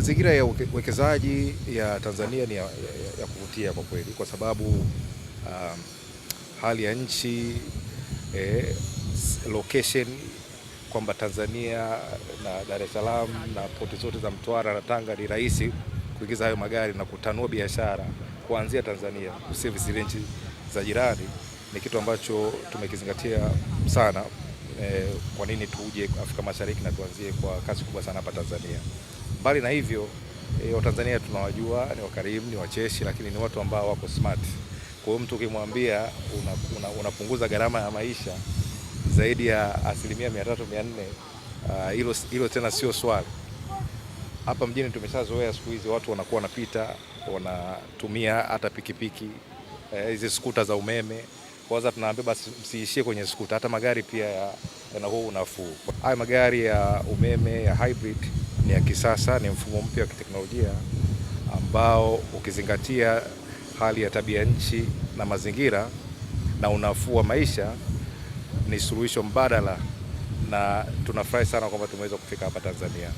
Mazingira ya uwekezaji ya Tanzania ni ya, ya, ya kuvutia kwa kweli kwa sababu um, hali ya nchi eh, location kwamba Tanzania na Dar es Salaam na poti zote za Mtwara na Tanga ni rahisi kuingiza hayo magari na kutanua biashara kuanzia Tanzania kusevi zile nchi za jirani ni kitu ambacho tumekizingatia sana. Eh, kwa nini tuje Afrika Mashariki na tuanzie kwa kasi kubwa sana hapa Tanzania? Mbali na hivyo e, Watanzania tunawajua ni wakarimu, ni wacheshi, lakini ni watu ambao wako smart. Kwa hiyo mtu ukimwambia unapunguza una, una gharama ya maisha zaidi ya asilimia mia tatu mia nne ah, hilo hilo tena sio swali. Hapa mjini tumeshazoea siku hizi watu wanakuwa wanapita wanatumia hata pikipiki eh, hizi e, skuta za umeme. Kwanza tunaambia basi msiishie kwenye skuta, hata magari pia yana huo unafuu. Haya magari ya umeme ya hybrid ni ya kisasa, ni mfumo mpya wa kiteknolojia ambao ukizingatia hali ya tabia nchi na mazingira na unafuu wa maisha ni suluhisho mbadala, na tunafurahi sana kwamba tumeweza kufika hapa Tanzania.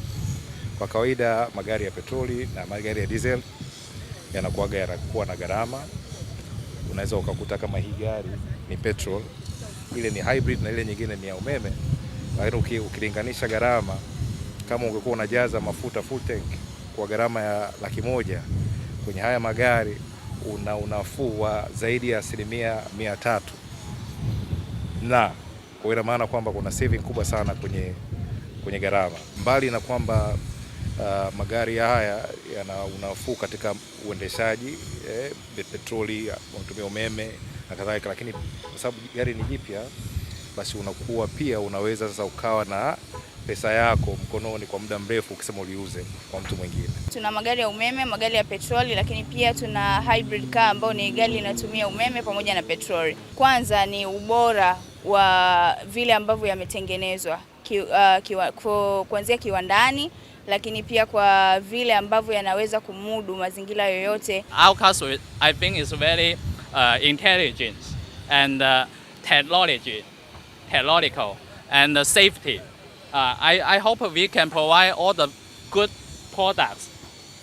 Kwa kawaida magari ya petroli na magari ya diesel yanakuaga yanakuwa na gharama. Unaweza ukakuta kama hii gari ni petrol, ile ni hybrid na ile nyingine ni ya umeme, lakini ukilinganisha gharama kama ungekuwa unajaza mafuta full tank kwa gharama ya laki moja kwenye haya magari una unafuu wa zaidi ya asilimia mia tatu na kwa ina maana kwamba kuna saving kubwa sana kwenye, kwenye gharama, mbali na kwamba uh, magari haya yana unafuu katika uendeshaji eh, petroli, unatumia umeme na kadhalika, lakini kwa sababu gari ni jipya, basi unakuwa pia unaweza sasa ukawa na pesa yako mkononi kwa muda mrefu ukisema uliuze kwa mtu mwingine. Tuna magari ya umeme, magari ya petroli, lakini pia tuna hybrid car ambayo ni gari linatumia umeme pamoja na petroli. Kwanza ni ubora wa vile ambavyo yametengenezwa ki, uh, kiwa, kuanzia kiwandani lakini pia kwa vile ambavyo yanaweza kumudu mazingira yoyote. Our castle, I think is very uh, intelligent and uh, technology, technological and uh, safety Uh, I, I hope we can provide all the good products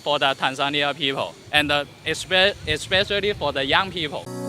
for the Tanzania people and uh, especially for the young people.